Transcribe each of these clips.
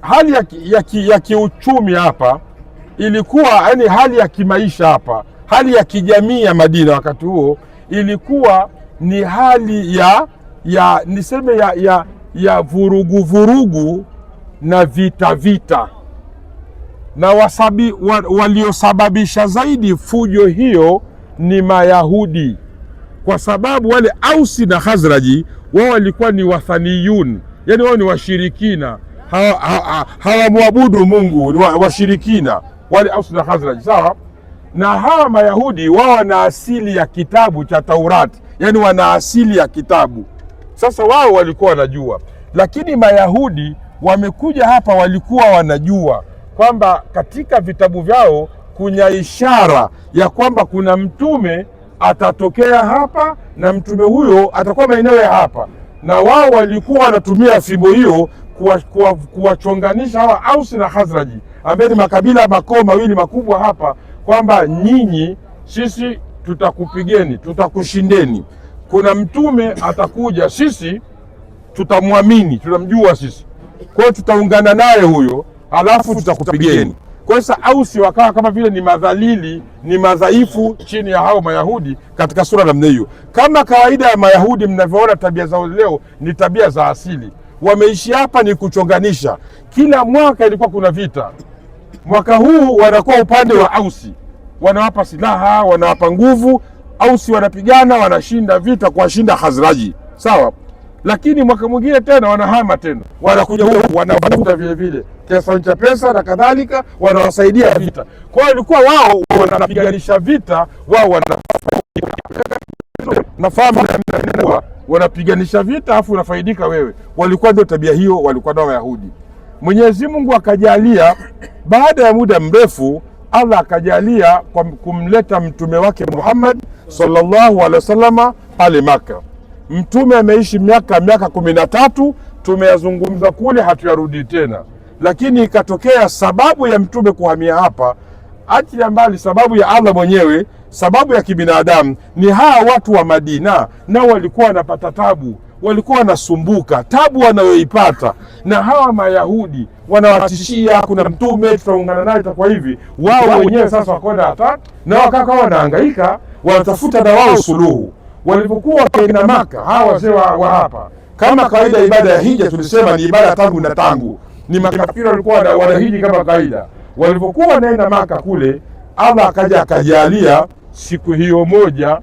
hali ya, ya, ya kiuchumi hapa ilikuwa yani, hali ya kimaisha hapa, hali ya kijamii ya Madina wakati huo ilikuwa ni hali ya, ya niseme ya, ya, ya vurugu vurugu na vita vita, na wasabi, wa, waliosababisha zaidi fujo hiyo ni Mayahudi, kwa sababu wale Ausi na Khazraji wao walikuwa ni wathaniyun, yani wao ni washirikina hawamwabudu ha, ha, Mungu ni washirikina wale Ausi na Khazraj, sawa na hawa Mayahudi. Wao wana asili ya kitabu cha Taurati, yani wana asili ya kitabu. Sasa wao walikuwa wanajua, lakini Mayahudi wamekuja hapa, walikuwa wanajua kwamba katika vitabu vyao kuna ishara ya kwamba kuna mtume atatokea hapa na mtume huyo atakuwa maeneo ya hapa, na wao walikuwa wanatumia fimbo hiyo kuwachonganisha hawa Ausi na Khazraji ambaye ni makabila makoo mawili makubwa hapa, kwamba nyinyi sisi tutakupigeni, tutakushindeni. Kuna mtume atakuja, sisi tutamwamini, tunamjua sisi, kwa hiyo tutaungana naye huyo, alafu tutakupigeni. Kwa sasa Ausi wakawa kama vile ni madhalili, ni madhaifu chini ya hao Mayahudi katika sura namna hiyo. Kama kawaida ya Mayahudi, mnavyoona tabia zao leo ni tabia za asili wameishi hapa ni kuchonganisha. Kila mwaka ilikuwa kuna vita, mwaka huu wanakuwa upande wa Ausi, wanawapa silaha, wanawapa nguvu. Ausi wanapigana, wanashinda vita, kuwashinda Hazraji, sawa. Lakini mwaka mwingine tena wanahama tena, wanakuja huku, wanavuta vile vile kiasi cha pesa na kadhalika, wanawasaidia vita. Kwa hiyo ilikuwa wao wanapiganisha vita, wao wana nafahamu kuwa wanapiganisha vita afu unafaidika wewe. Walikuwa ndio tabia hiyo, walikuwa na Wayahudi. Mwenyezi Mungu akajalia baada ya muda mrefu Allah akajalia kwa kumleta mtume wake Muhammad sallallahu alaihi wasallama pale Maka. Mtume ameishi miaka miaka kumi na tatu. Tumeyazungumza kule, hatuyarudi tena, lakini ikatokea sababu ya mtume kuhamia hapa achilia mbali sababu ya Allah mwenyewe, sababu ya kibinadamu ni hawa watu wa Madina, nao walikuwa wanapata tabu, walikuwa wanasumbuka, tabu wanayoipata na hawa Mayahudi wanawatishia, kuna mtume tutaungana naye itakuwa hivi. Wao wenyewe sasa wakona hata na wakaka wanahangaika, wanatafuta na wao suluhu. Walipokuwa wakina Maka, hawa wazee wa hapa, kama kawaida, ibada ya hija tulisema ni ibada tangu na tangu, ni makafiri walikuwa wanahiji kama kawaida Walipokuwa wanaenda Maka kule, Allah akaja akajalia siku hiyo moja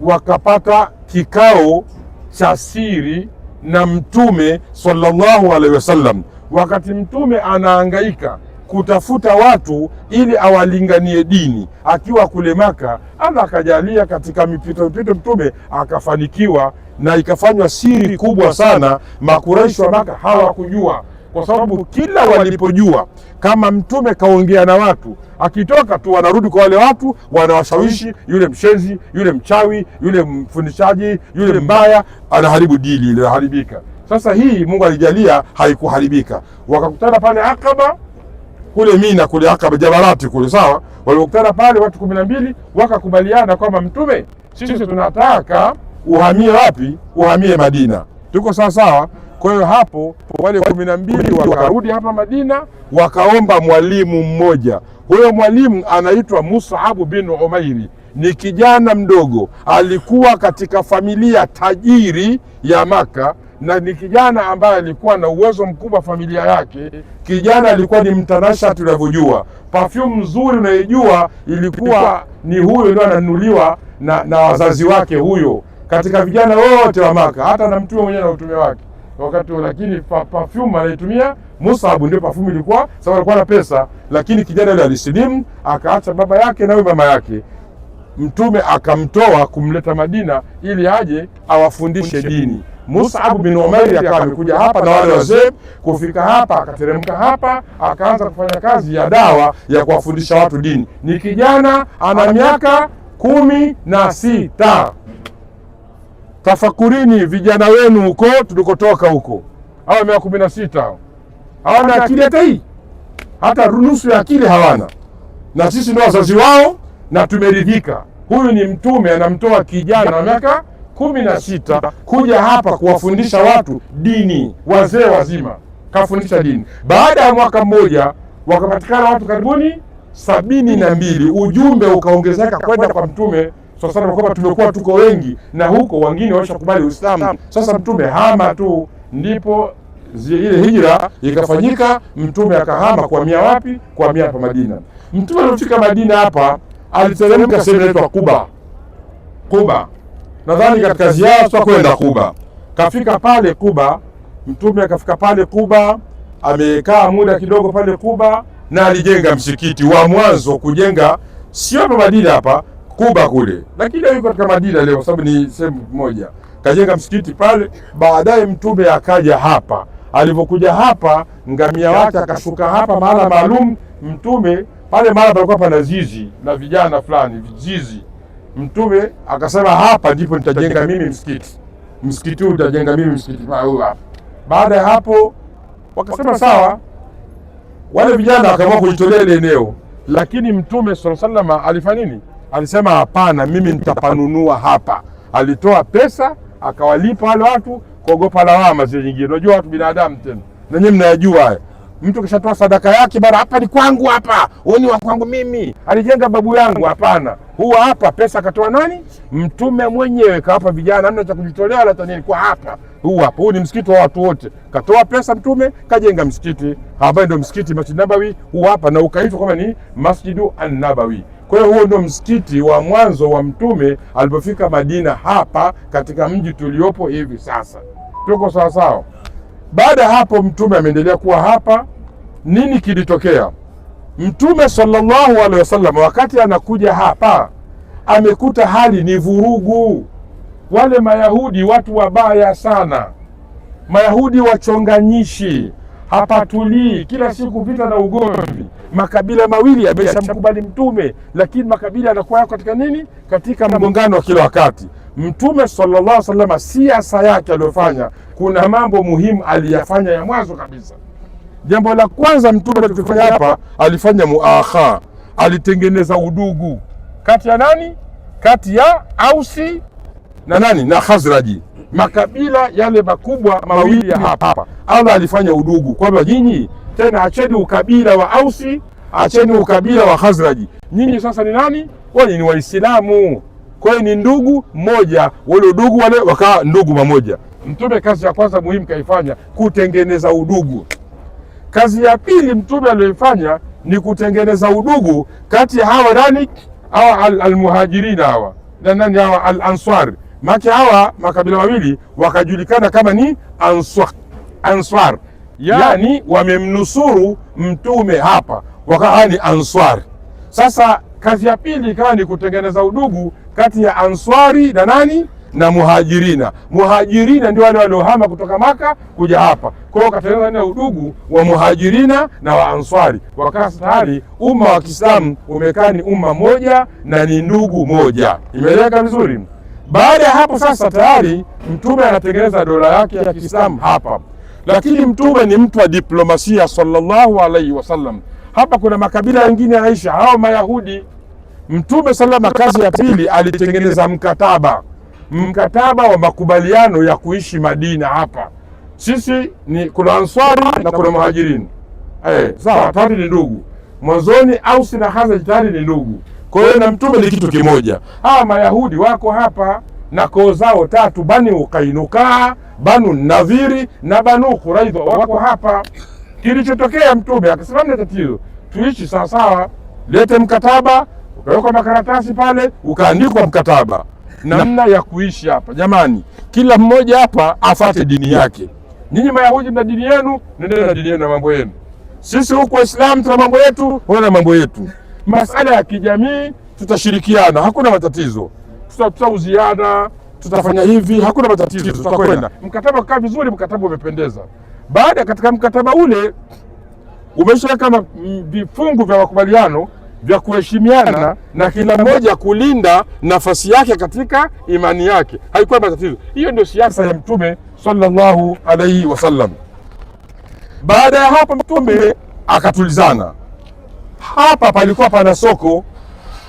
wakapata kikao cha siri na Mtume sallallahu alaihi wasallam, wakati Mtume anaangaika kutafuta watu ili awalinganie dini akiwa kule Maka. Allah akajalia katika mipito mipito Mtume akafanikiwa, na ikafanywa siri kubwa sana. Makuraishi wa Maka hawakujua kwa sababu kila walipojua kama mtume kaongea na watu, akitoka tu wanarudi kwa wale watu, wanawashawishi yule mshenzi, yule mchawi, yule mfundishaji, yule mbaya, anaharibu dili, linaharibika. Sasa hii Mungu alijalia haikuharibika, wakakutana pale Akaba kule Mina kule Akaba Jabalati kule, sawa. Walipokutana pale watu kumi na mbili wakakubaliana kwamba mtume, sisi tunataka uhamie wapi? Uhamie Madina, tuko sawasawa. Kwa hiyo hapo wale kumi na mbili wakarudi hapa Madina, wakaomba mwalimu mmoja. Huyo mwalimu anaitwa Mus'ab bin Umairi, ni kijana mdogo, alikuwa katika familia tajiri ya Maka na ni kijana ambaye alikuwa na uwezo mkubwa familia yake. Kijana alikuwa ni mtanasha, tunavyojua perfume nzuri unaijua ilikuwa ni huyo, ndio ananunuliwa na, na wazazi wake huyo, katika vijana wote wa Maka, hata na mtume mwenyewe na utume wake wakati huo, lakini perfume anaitumia musabu ndio perfume ilikuwa sababu alikuwa na pesa, lakini kijana yule alisilimu, akaacha baba yake na mama yake. Mtume akamtoa kumleta Madina ili aje awafundishe dini. musabu bin Umair akawa amekuja hapa na wale wazee, kufika hapa akateremka hapa, akaanza kufanya kazi ya dawa ya kuwafundisha watu dini. Ni kijana ana miaka kumi na sita tafakurini vijana wenu huko tulikotoka huko. Hawa mia kumi na sita hao hawana akili hata hii, hata nusu ya akili hawana, na sisi ndio wazazi wao na tumeridhika. Huyu ni mtume anamtoa kijana wa miaka kumi na sita kuja hapa kuwafundisha watu dini, wazee wazima kafundisha dini. Baada ya mwaka mmoja wakapatikana watu karibuni sabini na mbili, ujumbe ukaongezeka kwenda kwa mtume sasa ni kwamba tumekuwa tuko wengi na huko wengine washakubali Uislamu. Sasa mtume hama tu, ndipo ile hijra ikafanyika, mtume akahama kuhamia wapi? Kuhamia hapa Madina. Mtume alifika Madina hapa aliteremka sehemu inaitwa Kuba. Kuba nadhani katika ziara kwenda Kuba. Kafika pale Kuba, mtume akafika pale Kuba, amekaa muda kidogo pale Kuba na alijenga msikiti wa mwanzo kujenga, sio hapa Madina hapa Kuba kule, lakini leo katika Madina leo, kwa sababu ni sehemu moja, kajenga msikiti pale. Baadaye mtume akaja hapa, alivyokuja hapa ngamia wake akashuka hapa mahala maalum mtume pale, mahala palikuwa pana zizi na vijana fulani vizizi. Mtume akasema hapa ndipo nitajenga mimi msikiti, msikiti huu nitajenga mimi msikiti huu hapa. Baada ya hapo wakasema sawa, wale vijana wakaamua kujitolea ile eneo, lakini mtume sallallahu alaihi wasallam alifanya nini? Alisema hapana, mimi nitapanunua hapa. Alitoa pesa akawalipa wale watu, kuogopa lawama zile nyingine. Unajua watu binadamu tena, nanyewe mnayajua haya. Mtu kishatoa sadaka yake, bara hapa ni kwangu, hapa ni wa kwangu, mimi alijenga babu yangu. Hapana, huwa hapa pesa akatoa nani? Mtume mwenyewe kawapa vijana, amna cha kujitolea la tanini kwa hapa, huu hapa, huu ni msikiti wa watu wote. Katoa pesa Mtume kajenga msikiti ambayo ndio msikiti Masjid Nabawi, huu hapa na ukaitwa kama ni Masjidu An-Nabawi. Kwa hiyo huo ndio msikiti wa mwanzo wa Mtume alipofika Madina, hapa katika mji tuliopo hivi sasa. Tuko sawasawa? Baada ya hapo, Mtume ameendelea kuwa hapa. Nini kilitokea? Mtume sallallahu alaihi wasallam wakati anakuja hapa amekuta hali ni vurugu. Wale Mayahudi watu wabaya sana, Mayahudi wachonganyishi hapatulii, kila siku vita na ugomvi. Makabila mawili yameshamkubali Mtume, lakini makabila yanakuwa yako katika nini? Katika mgongano wa kila wakati. Mtume sallallahu alaihi wasallam, siasa yake aliyofanya, kuna mambo muhimu aliyafanya ya mwanzo kabisa. Jambo la kwanza Mtume alifanya hapa, alifanya muaha, alitengeneza udugu kati ya nani? Kati ya Ausi na nani na Khazraji makabila yale makubwa mawili ya hapa, Allah alifanya udugu kwamba nyinyi tena, acheni ukabila wa Ausi, acheni ukabila wa Khazraji, nyinyi sasa ni nani? Kwani ni Waislamu, kwa hiyo ni ndugu mmoja, wale udugu wale wakawa ndugu mamoja. Mtume kazi ya kwanza muhimu kaifanya kutengeneza udugu. Kazi ya pili mtume aliyoifanya ni kutengeneza udugu kati ya hawa nani, hawa almuhajirina hawa na nani hawa alanswari Maki hawa makabila mawili wakajulikana kama ni answar, answar yani wamemnusuru mtume hapa, wakawa ni answar. Sasa kazi ya pili ikawa ni kutengeneza udugu kati ya answari na nani na muhajirina. Muhajirina ndio wale waliohama kutoka Maka kuja hapa, kwa hiyo wakatengeneza na udugu wa muhajirina na wa answari, wakawa tayari umma wa Kiislamu umekaa ni umma moja na ni ndugu moja. Imeeleweka vizuri. Baada ya hapo sasa tayari Mtume anatengeneza dola yake ya Kiislamu hapa, lakini Mtume ni mtu wa diplomasia sallallahu alaihi wasallam. Hapa kuna makabila mengine yanaishi hao Mayahudi. Mtume salama, kazi ya pili alitengeneza mkataba, mkataba wa makubaliano ya kuishi Madina. Hapa sisi ni kuna Answari na kuna Muhajirini, eh, sawa? Tayari ni ndugu mwanzoni. Ausi na Khazraj tayari ni ndugu kwa hiyo na mtume ni kitu kimoja. Hawa Mayahudi wako hapa na koo zao tatu, Banu Ukainuka, Banu Nadhiri na Banu Quraidha wako hapa. Kilichotokea mtume akasema, mna tatizo, tuishi sawasawa, lete mkataba, ukawekwa makaratasi pale, ukaandikwa mkataba namna ya kuishi hapa. Jamani, kila mmoja hapa afate dini yake. Nyinyi Mayahudi mna dini yenu, nendeni na dini yenu na mambo yenu. Sisi huku Waislamu tuna mambo yetu, wana mambo yetu masala ya kijamii tutashirikiana, hakuna matatizo, tutauziana, tutafanya hivi, hakuna matatizo, tutakwenda. Mkataba ukakaa vizuri, mkataba umependeza. Baada katika mkataba ule umesha kama mm, vifungu vya makubaliano vya kuheshimiana na kila mmoja kulinda nafasi yake katika imani yake, haikuwa matatizo. Hiyo ndio siasa ya Mtume sallallahu alaihi wasallam. Baada ya hapo, Mtume akatulizana hapa palikuwa pana soko,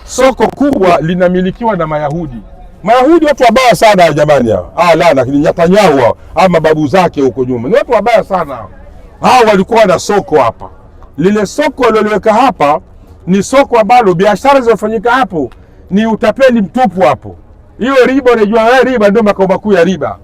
soko kubwa linamilikiwa na Mayahudi. Mayahudi watu wabaya sana jamani, hao ah, la lakini Netanyahu ama babu zake huko nyuma ni watu wabaya sana hao. walikuwa na soko hapa, lile soko waliloweka hapa ni soko ambalo biashara zinazofanyika hapo ni utapeli mtupu hapo. Hiyo riba, unajua wewe, eh, riba ndio makao makuu ya riba.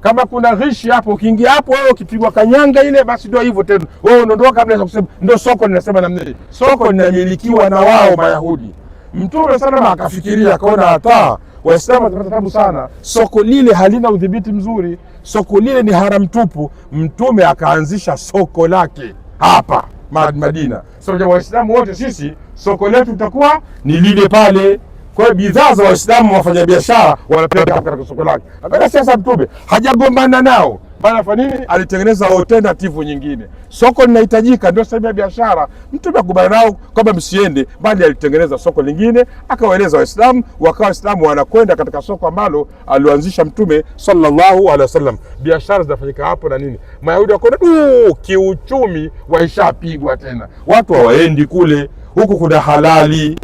Kama kuna rishi hapo, ukiingia hapo wewe, ukipigwa kanyanga ile, basi ndio hivyo tena, wewe unaondoka kabla ya kusema. Ndio soko linasema namna hii, soko linamilikiwa na wao Mayahudi. Mtume sana akafikiria akaona hata Waislamu watapata tabu sana, soko lile halina udhibiti mzuri, soko lile ni haram tupu. Mtume akaanzisha soko lake hapa Madina. So Waislamu wote sisi soko letu litakuwa ni lile pale kwa hiyo bidhaa za Waislamu biashara wanapeleka katika soko lake. Angalia siasa Mtume hajagombana nao Anafanya nini? Alitengeneza alternative nyingine, soko linahitajika, ndio sehemu ya biashara. Mtume akubali nao kwamba msiende, bali alitengeneza soko lingine, akawaeleza Waislamu, wakawa Waislamu wanakwenda katika soko ambalo alioanzisha Mtume sallallahu alaihi wasallam, biashara zinafanyika hapo na nini. Mayahudi wakaona du, kiuchumi waishapigwa tena, watu hawaendi kule, huku kuna halali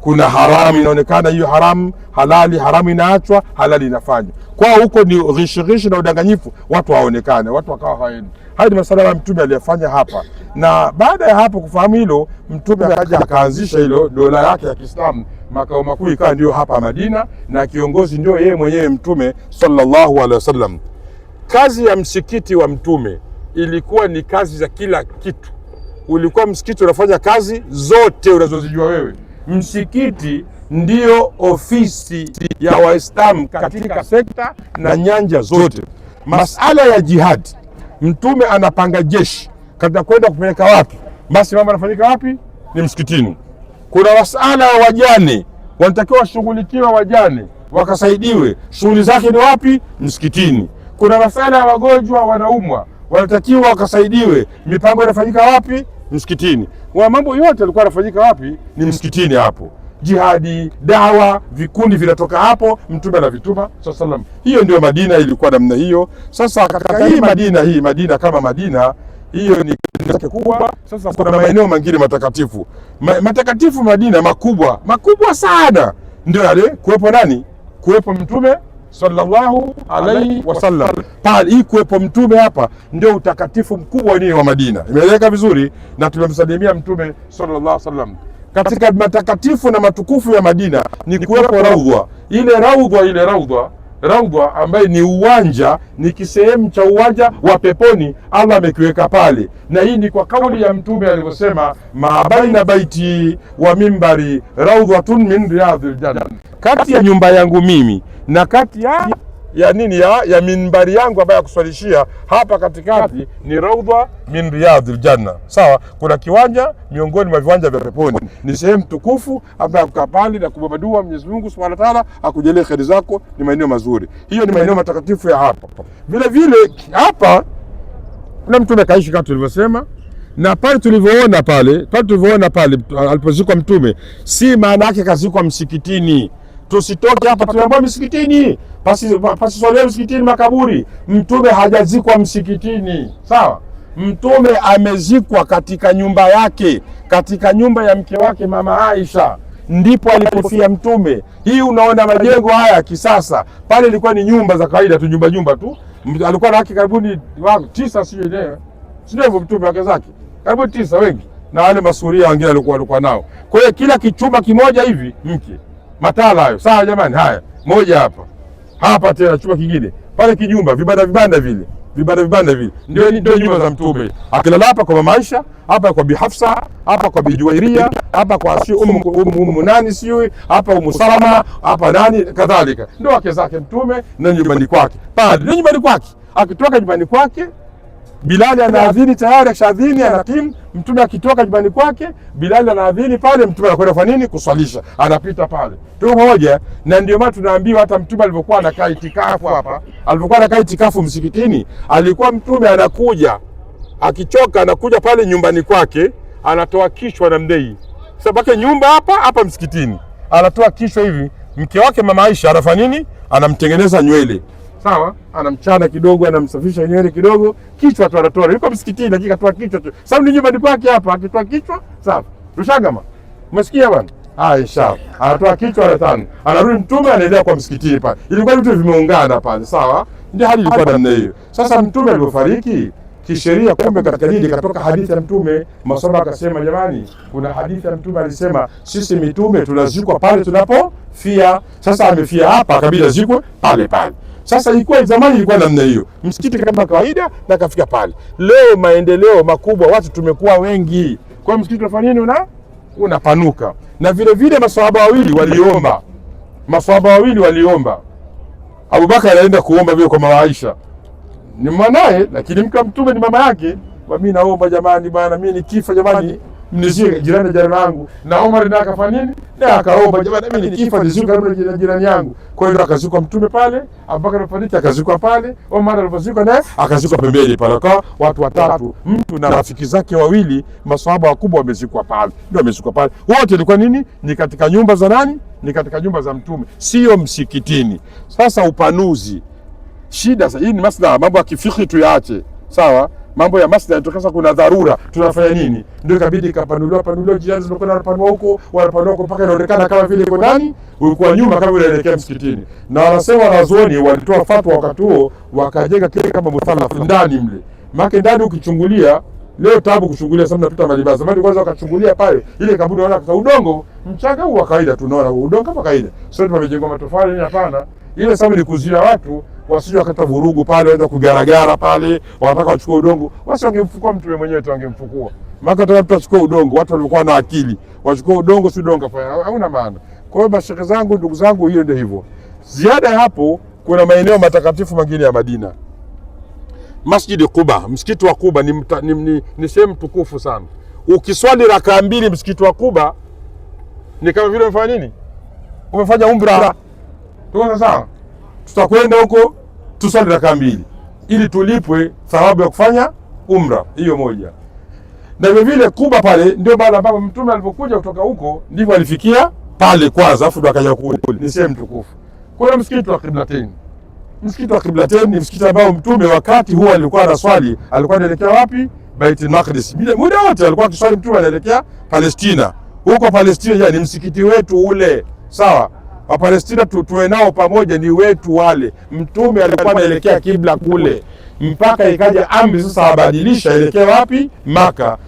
kuna haramu inaonekana hiyo haramu, halali haramu inaachwa, halali inafanywa. Kwao huko ni rishirishi na udanganyifu, watu waonekane, watu wakawa hawaendi. Haya ni masala ya Mtume aliyofanya hapa, na baada ya hapo kufahamu hilo, Mtume akaja akaanzisha hilo dola yake ya Kiislamu, makao makuu ikawa ndio hapa Madina, na kiongozi ndio yeye mwenyewe Mtume sallallahu alaihi wasallam. Kazi ya msikiti wa Mtume ilikuwa ni kazi za kila kitu, ulikuwa msikiti unafanya kazi zote unazozijua wewe msikiti ndiyo ofisi ya Waislamu katika sekta na nyanja zote. Masala ya jihadi, Mtume anapanga jeshi katika kwenda kupeleka wapi, basi mambo yanafanyika wapi? Ni msikitini. Kuna masala ya wajane, wanatakiwa washughulikiwa wajane, wakasaidiwe, shughuli zake ni wapi? Msikitini. Kuna masala ya wagonjwa, wanaumwa, wanatakiwa wakasaidiwe, mipango inafanyika wapi? Msikitini wa mambo yote yalikuwa yanafanyika wapi? Ni msikitini hapo. Jihadi, dawa, vikundi vinatoka hapo, mtume anavituma saa salam. Hiyo ndio Madina ilikuwa namna hiyo. Sasa katika hii Madina hii Madina kama Madina hiyo ni kubwa. Sasa kuna maeneo mengine matakatifu Ma, matakatifu Madina makubwa makubwa sana, ndio yale kuwepo nani, kuwepo mtume sallallahu alaihi wasallam pale kuwepo mtume hapa, ndio utakatifu mkubwa wenyewe wa Madina. Imeeleka vizuri, na tumemsalimia mtume sallallahu alaihi wasallam. Katika matakatifu na matukufu ya Madina ni kuwepo raudhwa ile raudhwa ile raudhwa Raudha ambaye ni uwanja, ni kisehemu cha uwanja wa peponi, Allah amekiweka pale, na hii ni kwa kauli ya Mtume alivyosema, ma baina baiti wa mimbari raudhatun min riyadhil janna, kati ya nyumba yangu mimi na kati ya ya nini ya, ya minbari yangu ambayo ya kuswalishia hapa katikati ni raudha min riyadhil janna. Sawa, kuna kiwanja miongoni mwa viwanja vya peponi, ni sehemu tukufu ambayo kukaa pale na kuomba dua Mwenyezi Mungu Subhanahu wa Ta'ala akujalie kheri zako. Ni maeneo mazuri, hiyo ni maeneo matakatifu ya hapa. Vile vile hapa kuna mtume kaishi kama tulivyosema, na pale tulivyoona pale pale tulivyoona pale alipozikwa mtume, si maana yake kazikwa msikitini Tusitoke hapa, tunaambiwa msikitini, swalia msikitini makaburi. Mtume hajazikwa msikitini, sawa? Mtume amezikwa katika nyumba yake, katika nyumba ya mke wake mama Aisha ndipo alipofia Mtume. Hii unaona majengo haya ya kisasa pale, ilikuwa ni nyumba za kawaida tu, nyumba nyumba tu. Alikuwa na wake karibuni tisa, sio enyewe, sio hivyo? Mtume wake zake karibu tisa, wengi na wale masuria wengine walikuwa nao. Kwa hiyo kila kichumba kimoja hivi mke matala hayo. Sawa jamani, haya moja hapa hapa tena chumba kingine pale, kijumba vibanda vibanda vile vibanda vibanda vile ndio ndio nyumba za Mtume. Akilala hapa kwa mama Aisha, hapa kwa Bi Hafsa, hapa kwa Bi Juwairia, hapa kwa si umu, umu, um, nani siwi, hapa Umu Salama, hapa nani kadhalika, ndio wake zake Mtume na nyumbani kwake pale, ndio nyumbani kwake. Akitoka nyumbani kwake Bilali anaadhini tayari, akishadhini anatimu, mtume akitoka nyumbani kwake, Bilali anaadhini pale, mtume anakwenda kwa nini? Kuswalisha, anapita pale. Tuko pamoja? Na ndio maana tunaambiwa hata mtume alivyokuwa anakaa itikafu hapa, alivyokuwa anakaa itikafu msikitini, alikuwa mtume anakuja akichoka, anakuja pale nyumbani kwake, anatoa kishwa na mdei sasa pake nyumba hapa hapa msikitini, anatoa kishwa hivi, mke wake mama Aisha anafanya nini? Anamtengeneza nywele sawa, anamchana kidogo, anamsafisha nywele kidogo, kichwa tu anatoa. Yuko msikitini, lakini toa kichwa tu, sababu ni nyumbani kwake hapa. Akitoa kichwa safi, tushagama. Umesikia bwana? Haya, inshallah, anatoa kichwa la tano, anarudi mtume, anaendelea kwa msikitini pale. Ilikuwa vitu vimeungana pale, sawa. Ndio hali ilikuwa namna hiyo. Sasa mtume alivyofariki kisheria kumbe, katika dini katoka hadithi ya mtume. masomo, akasema, jamani, kuna hadithi ya mtume alisema sisi mitume tunazikwa pale tunapofia. Sasa amefia hapa, kabila zikwe pale pale. Sasa ilikuwa zamani ilikuwa namna hiyo, msikiti kama kawaida na kafika pale. Leo maendeleo makubwa, watu tumekuwa wengi, kwa hiyo msikiti unafanya nini? Una unapanuka. Na vile vile maswahaba wawili waliomba, maswahaba wawili waliomba. Abubakar anaenda kuomba vile kwa mama Aisha, ni mwanaye, lakini mke wa Mtume ni mama yake. Mimi naomba jamani, bwana mimi nikifa jamani mnishike jirani na jirani yangu, na Omar naye akafanya nini? Naye akaomba, jamani, mimi nikifa nizuke karibu na jirani yangu. Kwa hiyo akazikwa mtume pale, Abubakar alipofariki akazikwa pale, Omar alipozikwa naye akazikwa pembeni pale, kwa watu watatu, mtu na rafiki zake wawili, maswahaba wakubwa wamezikwa pale, ndio wamezikwa pale wote. Ilikuwa nini? Ni katika nyumba za nani? Ni katika nyumba za Mtume, sio msikitini. Sasa upanuzi shida. Sasa hii ni masuala mambo ya kifiki tuyaache, sawa mambo ya maslahi tukasa, kuna dharura, tunafanya nini? Ndio ikabidi ikapanuliwa panuliwa, jirani zimekuwa wanapanua huko wanapanua huko mpaka inaonekana kama vile iko ndani, ulikuwa nyuma kama unaelekea msikitini. Na wanasema wanazuoni walitoa fatwa wakati huo, wakajenga kile kama muthalath ndani mle, maana ndani ukichungulia leo tabu kuchungulia sana, tunapita malibaza zamani. Kwanza wakachungulia pale ile kaburi, wanaona kwa udongo mchanga huu wa kawaida, tunaona udongo kama kawaida, sio tumejengwa matofali, hapana. Ile sababu ni kuzuia watu wasije wakata vurugu pale, waenda kugaragara pale, wanataka wachukue udongo. Basi wangemfukua mtu mwenyewe tu, wangemfukua maka tena mtu achukue udongo. Watu walikuwa na akili, wachukue udongo, si udongo kafanya, hauna maana. Kwa hiyo bashaka zangu, ndugu zangu, hiyo ndio hivyo. Ziada hapo, kuna maeneo matakatifu mengine ya Madina. Masjidi Quba, msikiti wa Quba ni, mta, ni, ni, ni sehemu tukufu sana. Ukiswali rakaa mbili msikiti wa Quba ni kama vile umefanya nini? Umefanya umbra. Tuko sawa, tutakwenda huko tusali rakaa mbili ili tulipwe thawabu ya kufanya umra hiyo moja, na vile vile Kuba pale ndio baada ambapo mtume alipokuja kutoka huko ndivyo alifikia pale kwanza, afu ndo akaja kule. Ni sehemu tukufu. Kwa hiyo msikiti wa Qiblatain, msikiti wa Qiblatain ni msikiti ambao mtume wakati huo alikuwa anaswali alikuwa anaelekea wapi? Baiti Maqdis. Bila muda wote alikuwa akiswali, mtume anaelekea Palestina. Huko Palestina ya ni msikiti wetu ule, sawa Wapalestina tu, tuwe nao pamoja, ni wetu wale. Mtume alikuwa anaelekea kibla kule, mpaka ikaja amri sasa abadilisha, elekea wapi? Maka.